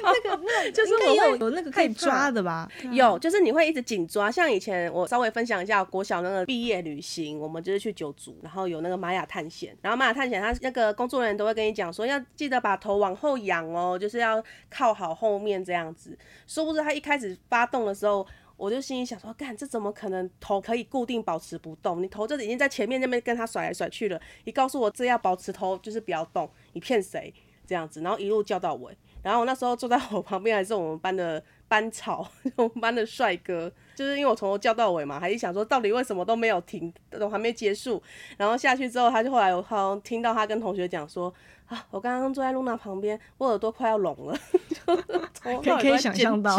那個那個，就是你 有有那個可以抓的吧？ 有，就是你會一直緊抓。像以前我稍微分享一下國小那個畢業旅行，我們就是去九族，然後有那個瑪雅探險，然後瑪雅探險他那個工作人員都會跟你講說，要記得把頭往後。仰哦，就是要靠好後面這樣子。殊不知他一開始發動的時候，我就心裡想說，幹、啊、這怎麼可能？頭可以固定保持不動？你頭就已經在前面那邊跟他甩來甩去了。你告訴我這要保持頭就是不要動，你騙誰？這樣子，然後一路叫到尾。然後那時候坐在我旁邊還是我們班的班草， 我們班的帥哥，就是因為我從頭叫到尾嘛，還是想說到底為什麼都沒有停，都還沒結束。然後下去之後，他就後來我好像聽到他跟同學講說。啊！我剛剛坐在露娜旁邊，我耳朵快要聾了呵呵。可以可以想象到，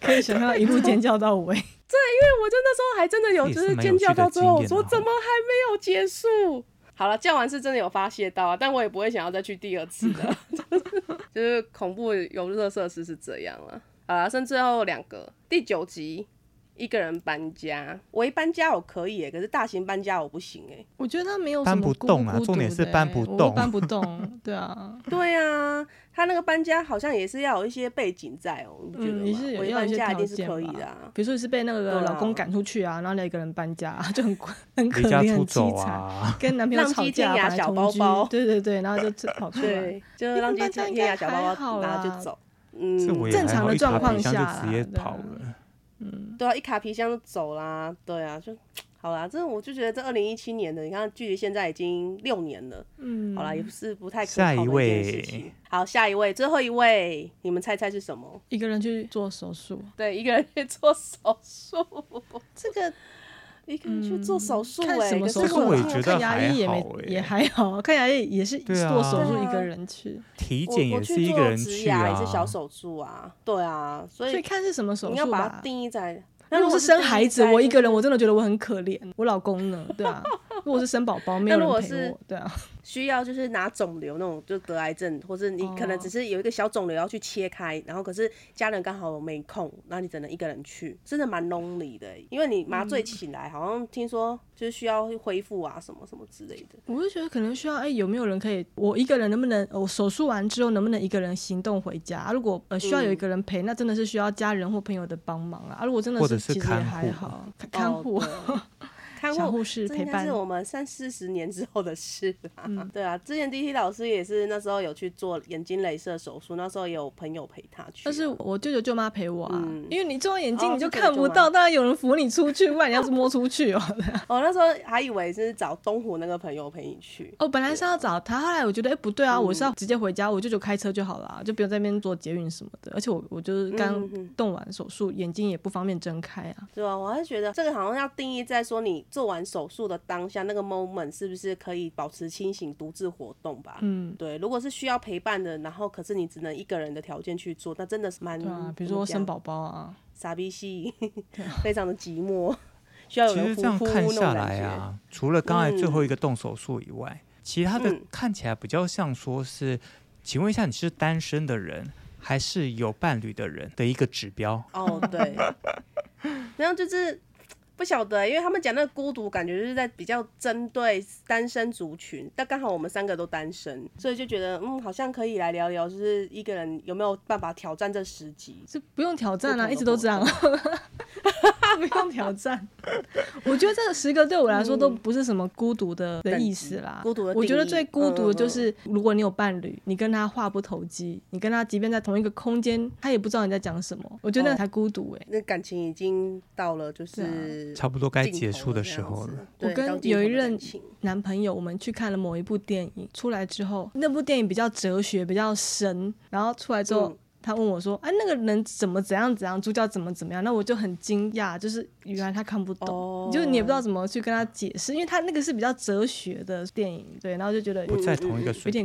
可以想象到， 到一路尖叫到尾。對，對對，因為我就那時候還真的有，就是尖叫到最後，我說怎麼還沒有結束？啊、好了，叫完是真的有發洩到啊，但我也不會想要再去第二次。 就是恐怖遊樂設施是這樣了。好了，剩最後兩個，第九集。一個人搬家，我一搬家我可以哎、欸，可是大型搬家我不行哎、欸。我覺得他沒有搬不動啊，重點是搬不動、欸。不搬不動，對啊，對啊，他那個搬家好像也是要有一些背景在哦，你不覺得嗎、嗯？我一搬家一定是可以的啊。比如說你是被那個老公趕出去啊，嗯、然後一個人搬家、啊，就很可很可憐，很淒慘、啊。跟男朋友吵架，小包包， 對，對對對，然後就跑出來， 對就浪跡天涯、啊、小包包， 然後就走。嗯，正常的狀況下、啊。嗯，對啊，一卡皮箱就走啦，對啊，就好啦。這我就覺得這二零一七年的，你看，距離現在已經六年了，嗯，好啦，也是不太可靠的一件事情。下一位。好，下一位，最後一位，你們猜猜是什麼？一個人去做手術。對，一個人去做手術。 這個。一個人去做手術哎、欸，這、嗯、個、欸、我也覺得還好，也還好，欸、也還好看牙醫也是做手術一個人去，體檢也是一個人去做，也是小手術啊，對啊所，所以看是什麼手術？你要把它定義在，如定義在，如果是生孩子，我一個人我真的覺得我很可憐，我老公呢，對啊。 如果是生寶寶，沒有人陪我，對啊，需要就是拿腫瘤那種，就得癌症，或是你可能只是有一個小腫瘤要去切開、哦，然後可是家人剛好沒空，那你只能一個人去，真的蠻 lonely 的、欸，因為你麻醉起來、嗯，好像聽說就是需要恢復啊，什麼什麼之類的。我就覺得可能需要，哎、欸，有沒有人可以？我一個人能不能？我手術完之後能不能一個人行動回家？啊、如果呃需要有一個人陪、嗯，那真的是需要家人或朋友的幫忙啊。啊如果真的是，或者是看護，其實也還好，看護。哦小護士陪伴，是我們三四十年之後的事、啊嗯。對啊，之前 D T 老師也是那時候有去做眼睛鐳射手術，那時候有朋友陪他去、啊。但是我舅舅舅媽陪我啊，嗯、因為你做眼睛你就看不到、哦舅舅舅，當然有人扶你出去，不然你要是摸出去哦。 我那時候還以為是找東湖那個朋友陪你去。哦，本來是要找他、啊，後來我覺得哎不對啊、嗯，我是要直接回家，我舅舅開車就好了、啊，就不用在那邊坐捷運什麼的。而且我我就是剛動完手術、嗯，眼睛也不方便睜開啊。對啊，我還是覺得這個好像要定義在說你。做完手術的當下，那個 moment 是不是可以保持清醒，獨自活動吧？嗯，對。如果是需要陪伴的，然後可是你只能一個人的條件去做，那真的是蠻、啊……比如說生寶寶啊，傻逼戲，非常的寂寞，啊、需要有人呵護。看下來啊，那個、除了剛才最後一個動手術以外、嗯，其他的看起來比較像說是，請問一下，你是單身的人還是有伴侶的人的一個指標？哦，對， 然後就是。不曉得、欸，因為他們講那個孤獨，感覺就是在比較針對單身族群。但剛好我們三個都單身，所以就覺得，嗯，好像可以來聊聊，就是一個人有沒有辦法挑戰這十級？是不用挑戰啊，一直都這樣， 不用挑戰。 我覺得這十個對我來說都不是什麼孤獨的、嗯、的意思啦。孤獨，我覺得最孤獨的就是、嗯嗯，如果你有伴侶，你跟他話不投機，你跟他即便在同一個空間，他也不知道你在講什麼。我覺得那才孤獨哎、欸哦，那感情已經到了就是。差不多該結束的時候了。我跟有一任男朋友，我們去看了某一部電影，出來之後，那部電影比較哲學，比較神，然後出來之後。嗯他問我說：“哎、啊，那個人怎麼怎樣怎樣？主角怎麼怎麼樣？”那我就很驚訝，就是原來他看不懂，Oh. 就你也不知道怎麼去跟他解釋，因為他那個是比較哲學的電影，對。然後就覺得有點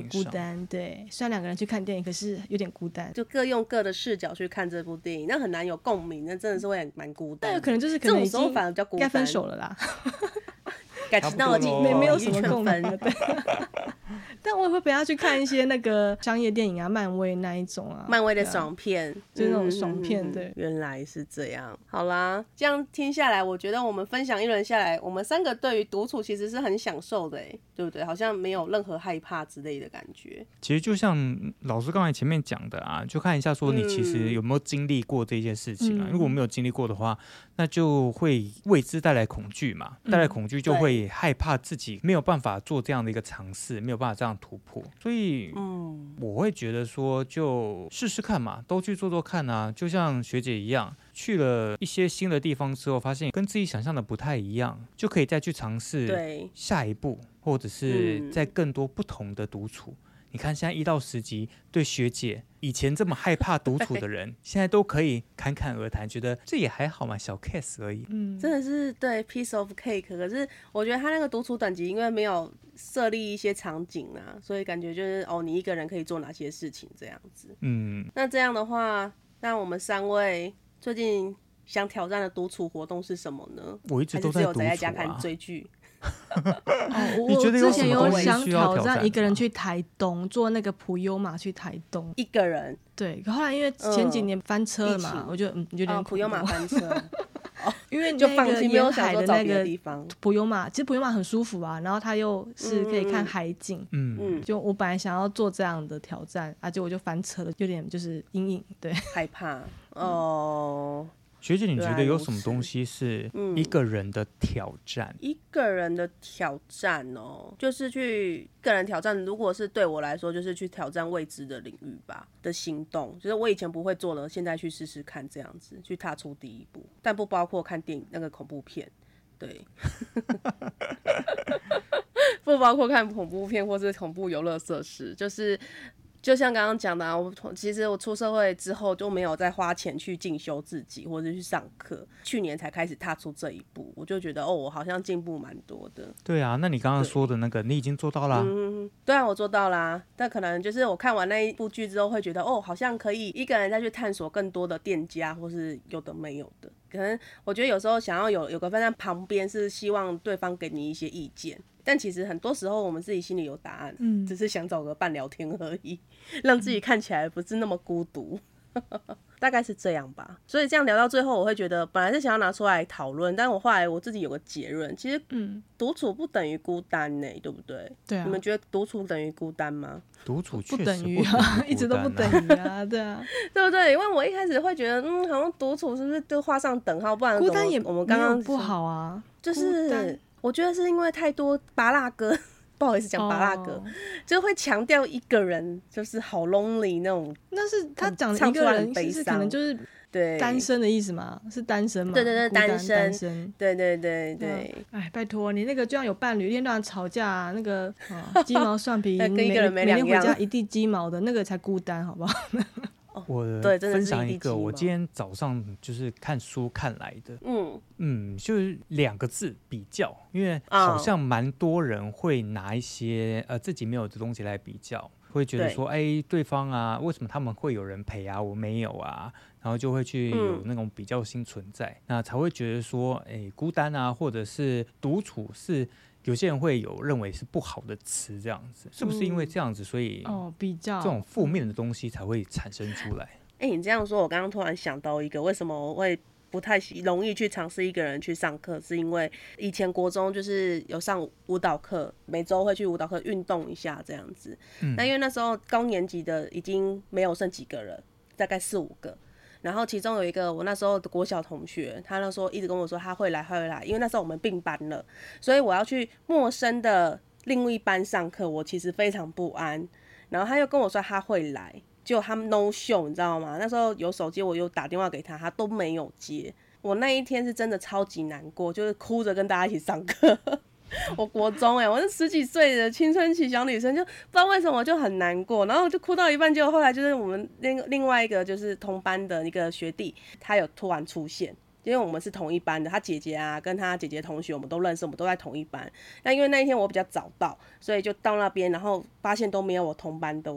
孤單。對，雖然兩個人去看電影，可是有點孤單，就各用各的視角去看這部電影，那很難有共鳴，那真的是會蠻孤單。但有可能就是可能有時候反而比較孤單，該分手了啦。 那我己沒沒有什麼共鳴了， 但我也會不要去看一些那個商業電影啊，漫威那一種啊，漫威的爽片，對啊，嗯、就是，那種爽片對，嗯嗯，原來是這樣，好啦，這樣聽下來，我覺得我們分享一輪下來，我們三個對於獨處其實是很享受的，對不對？好像沒有任何害怕之類的感覺。其實就像老師剛才前面講的啊，就看一下說你其實有沒有經歷過這件事情啊、嗯？如果沒有經歷過的話，那就會未知帶來恐懼嘛，帶、嗯、來恐懼就會。也害怕自己沒有辦法做這樣的一個嘗試，沒有辦法這樣突破，所以，嗯，我會覺得說，就試試看嘛，都去做做看啊。就像學姐一樣，去了一些新的地方之後，發現跟自己想象的不太一樣，就可以再去嘗試下一步，或者是在更多不同的獨處。嗯你看，現在一到十級，對學姐以前這麼害怕獨處的人，現在都可以侃侃而談，覺得這也還好嘛，小 case 而已。嗯，真的是對 piece of cake。可是我覺得他那個獨處等級，因為沒有設立一些場景啊，所以感覺就是哦，你一個人可以做哪些事情這樣子。嗯，那這樣的話，那我們三位最近想挑戰的獨處活動是什麼呢？我一直都在宅、啊、在家看追劇。啊 哦、我之前有想挑戰一個人去台東坐那個普悠瑪，去台東一個人，對。後來因為前幾年翻車了嘛，嗯、我就嗯，有點苦苦、哦、普悠瑪翻車，因為你就放棄沒有的海，海的那個地方。普悠瑪，其實普悠瑪很舒服啊，然後它又是可以看海景，嗯，嗯就我本來想要做這樣的挑戰，而、啊、且我就翻車了，有點就是陰影，對，害怕哦。學姐，你覺得有什麼東西是一個人的挑戰？啊嗯、一個人的挑戰哦，就是去一個人挑戰。如果是對我來說，就是去挑戰未知的領域吧的行動。就是我以前不會做的，現在去試試看，這樣子去踏出第一步。但不包括看電影那個恐怖片，對， 不包括看恐怖片或是恐怖遊樂設施，就是。就像剛剛講的啊，我從其實我出社會之後就沒有再花錢去進修自己或者去上課，去年才開始踏出這一步，我就覺得哦，我好像進步蠻多的。對啊，那你剛剛說的那個，你已經做到啦。嗯，對啊，我做到啦。但可能就是我看完那一部劇之後，會覺得哦，好像可以一個人再去探索更多的店家，或是有的沒有的。可能我覺得有時候想要有有個飯站旁邊，是希望對方給你一些意見。但其實很多時候我們自己心裡有答案，嗯、只是想找個伴聊天而已，讓自己看起來不是那麼孤獨，嗯、 大概是這樣吧。所以這樣聊到最後，我會覺得本來是想要拿出來討論，但我後來我自己有個結論，其實，獨處不等於孤單呢、欸嗯，對不對？對、啊、你們覺得獨處等於孤單嗎？獨處不等於啊， 一直都不等於啊，對啊， 對不對？因為我一開始會覺得，嗯，好像獨處是不是就畫上等號？不然孤單也我們剛剛不好啊， 就是。我覺得是因為太多芭樂歌，不好意思講芭樂歌，oh. 就會強調一個人就是好 lonely 那種。那是他講一個人，就是可能就是對單身的意思嘛？是單身嘛？對對對，單身對對對對單,單身，對對對哎，拜托你那個就像有伴侶一天到晚吵架、啊、那個雞、啊、毛蒜皮， 跟一個人沒兩個人回家一地雞毛的那個才孤單，好不好？我分享一個，我今天早上就是看書看來的，嗯嗯，就是兩個字比較，因為好像蠻多人會拿一些呃自己沒有的東西來比較，會覺得說，哎、欸，對方啊，為什麼他們會有人陪啊，我沒有啊，然後就會去有那種比較心存在、嗯，那才會覺得說，哎、欸，孤單啊，或者是獨處是。有些人會有認為是不好的詞，這樣子是不是因為這樣子，所以哦比較這種負面的東西才會產生出來？哎、嗯哦欸，你這樣說，我剛剛突然想到一個，為什麼我會不太容易去嘗試一個人去上課？是因為以前國中就是有上舞蹈課，每周會去舞蹈課運動一下這樣子。嗯，那因為那時候高年級的已經沒有剩幾個人，大概四五個。然後其中有一個我那時候的國小同學，他那時候一直跟我說他會來，他會來。因為那時候我們併班了，所以我要去陌生的另一班上課，我其實非常不安。然後他又跟我說他會來，結果他 no show，你知道嗎？那時候有手機，我又打電話給他，他都沒有接。我那一天是真的超級難過，就是哭着跟大家一起上課。 我國中欸，我是十幾歲的青春期小女生，就不知道為什麼我就很難過，然後就哭到一半，結果後來就是我們另另外一個就是同班的一個學弟，他有突然出現，因為我們是同一班的，他姐姐啊跟他姐姐同學我們都認識，我們都在同一班。那因為那一天我比較早到，所以就到那邊，然後發現都沒有我同班的。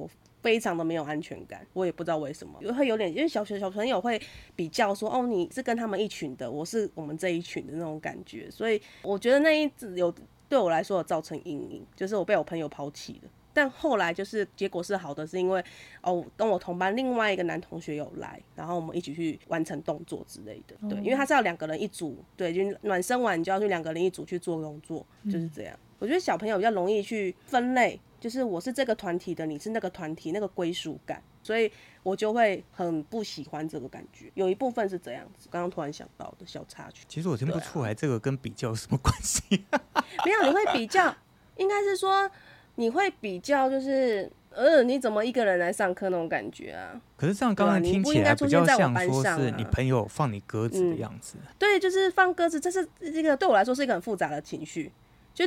非常的沒有安全感，我也不知道為什麼，因為有點，因為小學小朋友會比較說，哦，你是跟他們一群的，我是我們這一群的那種感覺，所以我覺得那一次有對我來說有造成陰影，就是我被我朋友拋棄了。但後來就是結果是好的，是因為哦，跟我同班另外一個男同學有來，然後我們一起去完成動作之類的，哦、對，因為他是要兩個人一組，對，就暖身完就要去兩個人一組去做動作，就是這樣，嗯。我覺得小朋友比較容易去分類。就是我是這個團體的，你是那個團體，那個歸屬感，所以我就會很不喜歡這個感覺。有一部分是這樣子，剛剛突然想到的小插曲。其實我聽不出來這個跟比較有什麼關係？啊、 沒有，你會比較，應該是說你會比較，就是嗯、呃，你怎麼一個人來上課那種感覺啊？可是這樣剛剛聽起來、嗯啊、比較像說是你朋友放你鴿子的樣子、嗯。對，就是放鴿子，這是這個對我來說是一個很複雜的情緒。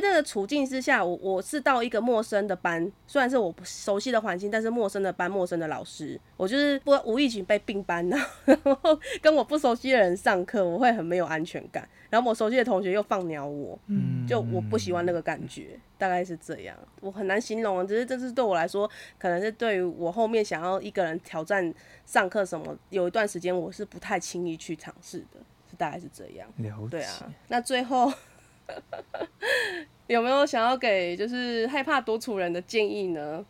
就那個處境之下，我我是到一個陌生的班，雖然是我熟悉的環境，但是陌生的班、陌生的老師，我就是不無意間被併班了，然後呵呵跟我不熟悉的人上課，我會很沒有安全感。然後我熟悉的同學又放鳥我，嗯、就我不喜歡那個感覺、嗯，大概是這樣。我很難形容，只是這是對我來說，可能是對於我後面想要一個人挑戰上課什麼，有一段時間我是不太輕易去嘗試的，是大概是這樣。對啊，了解。那最後。 有沒有想要給就是害怕獨處人的建議呢？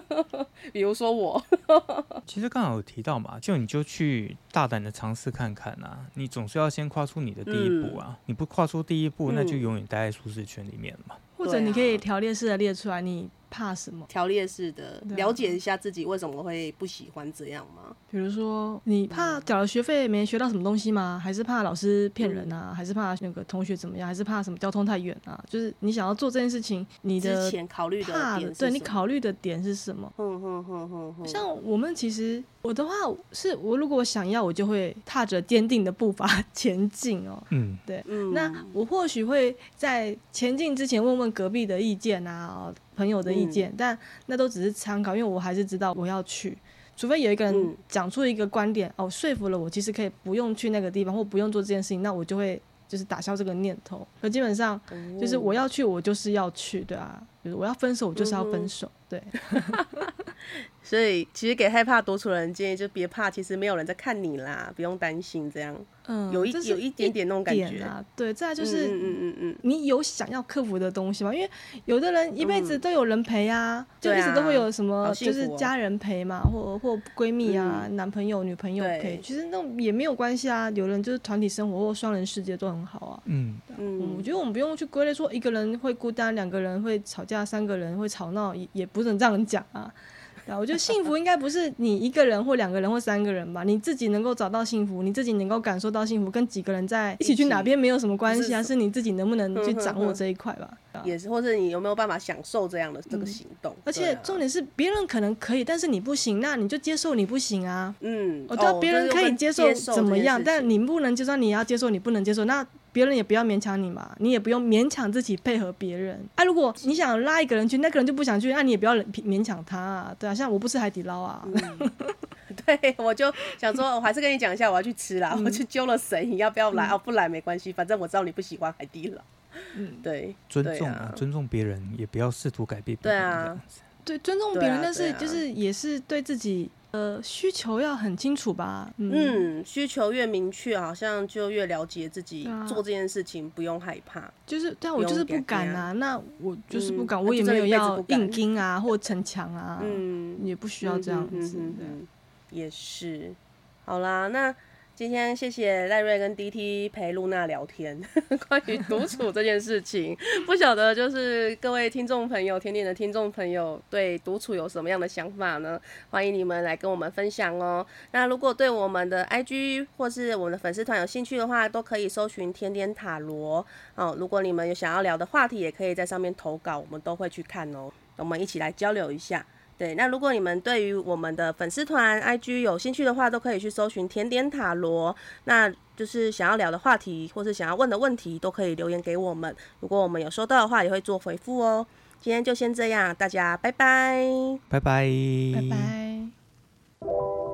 比如說我 ，其實剛好有提到嘛，就你就去大膽的嘗試看看啊，你總是要先跨出你的第一步啊、嗯，你不跨出第一步，那就永遠待在舒適圈裡面嘛、啊。或者你可以條列式的列出來你。怕什麼？條列式的，了解一下自己為什麼會不喜歡這樣嗎？嗯、比如說，你怕繳了學費沒學到什麼東西嗎？還是怕老師騙人啊？嗯、還是怕那個同學怎麼樣？還是怕什麼交通太遠啊？就是你想要做這件事情，你的怕之前考慮的點對，你考慮的點是什麼，是什麼嗯嗯嗯嗯嗯？像我們其實，我的話是我如果想要，我就會踏着堅定的步伐前進哦、喔。嗯，對，嗯、那我或許會在前進之前問問隔壁的意見啊、喔。朋友的意見，但那都只是參考，因為我還是知道我要去，除非有一個人講出一個觀點哦，說服了我，其實可以不用去那個地方，或不用做這件事情，那我就會就是打消這個念頭。可基本上就是我要去，我就是要去，對啊，比如我要分手，我就是要分手，對。 所以其實給害怕獨處的人建議就別怕，其實沒有人在看你啦，不用擔心這樣。嗯，有一有一點點那種感覺，這是一點點啊、對，再來就是嗯嗯嗯，你有想要克服的東西嗎？因為有的人一輩子都有人陪啊、嗯，就一直都會有什麼，啊、就是家人陪嘛，哦、或或閨蜜啊、嗯、男朋友、女朋友陪，其實那種也沒有關係啊。有的人就是團體生活或雙人世界都很好啊。嗯，嗯我覺得我們不用去歸類說一個人會孤單，兩個人會吵架，三個人會吵鬧，也也不能這樣講啊。 我覺得幸福應該不是你一個人或兩個人或三個人吧，你自己能夠找到幸福，你自己能夠感受到幸福，跟幾個人在一起去哪邊沒有什麼關係，啊是你自己能不能去掌握這一塊吧，也是或者你有沒有辦法享受這樣的這個行動。而且重點是別人可能可以，但是你不行啊，那你就接受你不行啊。嗯，我覺得別人可以接受怎麼樣，但你不能，就算你要接受，你不能接受那。別人也不要勉強你嘛，你也不用勉強自己配合別人。啊。如果你想拉一個人去，那個人就不想去，那、啊、你也不要勉強他啊，對啊。像我不吃海底撈啊，嗯、 對我就想說，我還是跟你講一下，我要去吃啦、嗯，我去揪了誰，你要不要來啊？嗯哦。不來沒關係，反正我知道你不喜歡海底撈。嗯，對，尊重啊，尊重別人，也不要試圖改變別人。對啊，對啊，尊重別人，但是就是也是對自己。呃，需求要很清楚吧？嗯，嗯，需求越明確，好像就越了解自己做這件事情，啊、不用害怕。就是但我就是不敢啊，那我就是不敢，嗯、我也沒有要硬釘啊或逞強啊，嗯，也不需要這樣子。嗯嗯嗯嗯嗯嗯嗯、也是，好啦，那。今天謝謝賴瑞跟 DT 陪露娜聊天，關於獨處這件事情， 不曉得就是各位聽眾朋友，甜點的聽眾朋友對獨處有什麼樣的想法呢？歡迎你們來跟我們分享哦。那如果對我們的 IG 或是我們的粉絲團有興趣的話，都可以搜尋甜點塔羅哦。如果你們有想要聊的話題，也可以在上面投稿，我們都會去看哦。我們一起來交流一下。對，那如果你們對於我們的粉絲團 IG 有興趣的話，都可以去搜尋甜點塔羅。那就是想要聊的話題，或是想要問的問題，都可以留言給我們。如果我們有收到的話，也會做回復哦。今天就先這樣，大家拜拜，拜拜，拜拜。